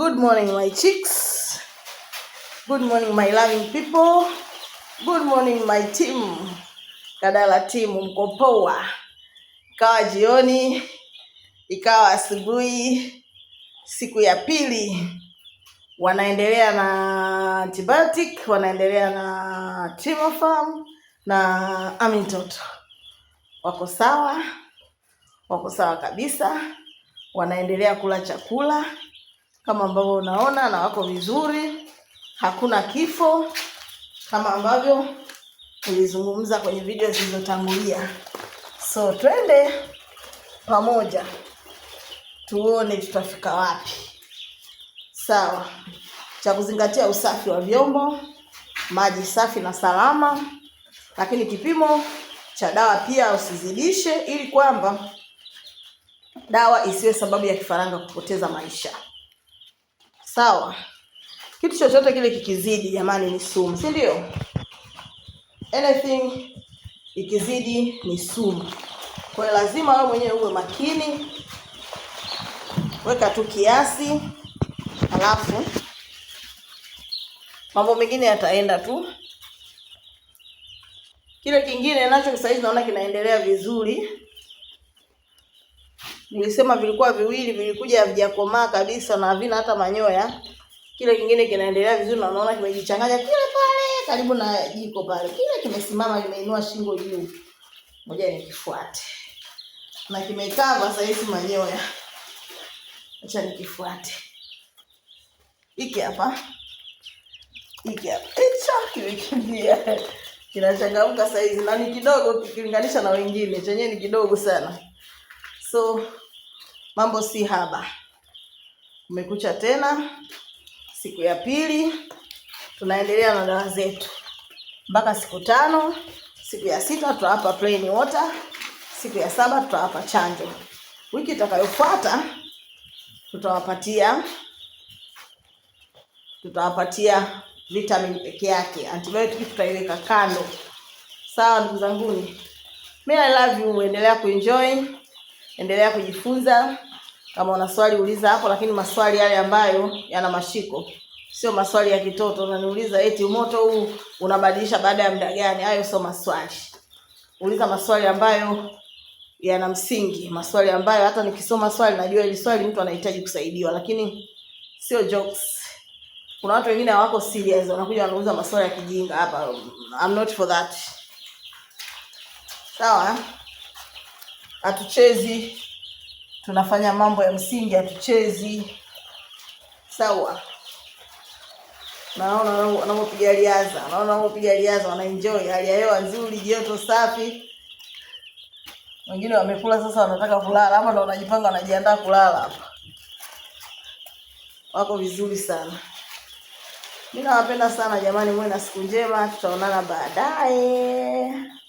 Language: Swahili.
Good morning my chicks. Good morning my loving people. Good morning my team. Kadala team, mko poa. Ikawa jioni, ikawa asubuhi, siku ya pili wanaendelea na antibiotic, wanaendelea na Timofarm na Amintoto. Wako sawa, wako sawa kabisa, wanaendelea kula chakula kama ambavyo unaona, na wako vizuri, hakuna kifo kama ambavyo nilizungumza kwenye video zilizotangulia. So twende pamoja tuone tutafika wapi. Sawa, cha kuzingatia usafi wa vyombo, maji safi na salama, lakini kipimo cha dawa pia usizidishe, ili kwamba dawa isiwe sababu ya kifaranga kupoteza maisha sawa. Kitu chochote kile kikizidi, jamani, ni sumu, si ndio? Anything ikizidi ni sumu. Kwa hiyo lazima wewe mwenyewe uwe makini, weka tu kiasi, halafu mambo mengine yataenda tu. Kile kingine nacho sasa hivi naona kinaendelea vizuri nilisema vilikuwa viwili, vilikuja havijakomaa kabisa na havina hata manyoya. Kile kingine kinaendelea vizuri, na unaona kimejichanganya kile pale karibu na jiko pale, kile kimesimama, kimeinua shingo juu. Ngoja nikifuate, na kimekaa sasa hivi manyoya. Acha nikifuate hiki hapa, hiki hapa, hicho kimekimbia kinachangamka saizi na ni kidogo, ukilinganisha na wengine, chenyewe ni kidogo sana. So mambo si haba. Umekucha tena, siku ya pili tunaendelea na dawa zetu mpaka siku tano. Siku ya sita tutawapa plain water, siku ya saba tutawapa chanjo. Wiki itakayofuata tutawapatia tutawapatia vitamin peke yake, antibiotic tutaiweka kando. Sawa ndugu zanguni, mimi I love you, endelea kuenjoy endelea kujifunza. Kama una swali uliza hapo, lakini maswali yale ambayo yana mashiko, sio maswali ya kitoto unaniuliza eti moto huu unabadilisha baada ya muda gani. Hayo sio maswali. Uliza maswali ambayo yana msingi, maswali ambayo hata nikisoma swali najua ile swali mtu anahitaji kusaidiwa, lakini sio jokes. Kuna watu wengine hawako serious, wanakuja wanauza maswali ya kijinga hapa. I'm not for that. Sawa. so, eh? hatuchezi, tunafanya mambo ya msingi, hatuchezi. Sawa, naona wanapopiga riadha, naona wanapopiga riadha wanaenjoy hali ya hewa nzuri, joto safi. Wengine wamekula sasa, wanataka kulala hapa, ndo wanajipanga, wanajiandaa kulala hapa, wako vizuri sana. Mimi nawapenda sana jamani, mwe na siku njema, tutaonana baadaye.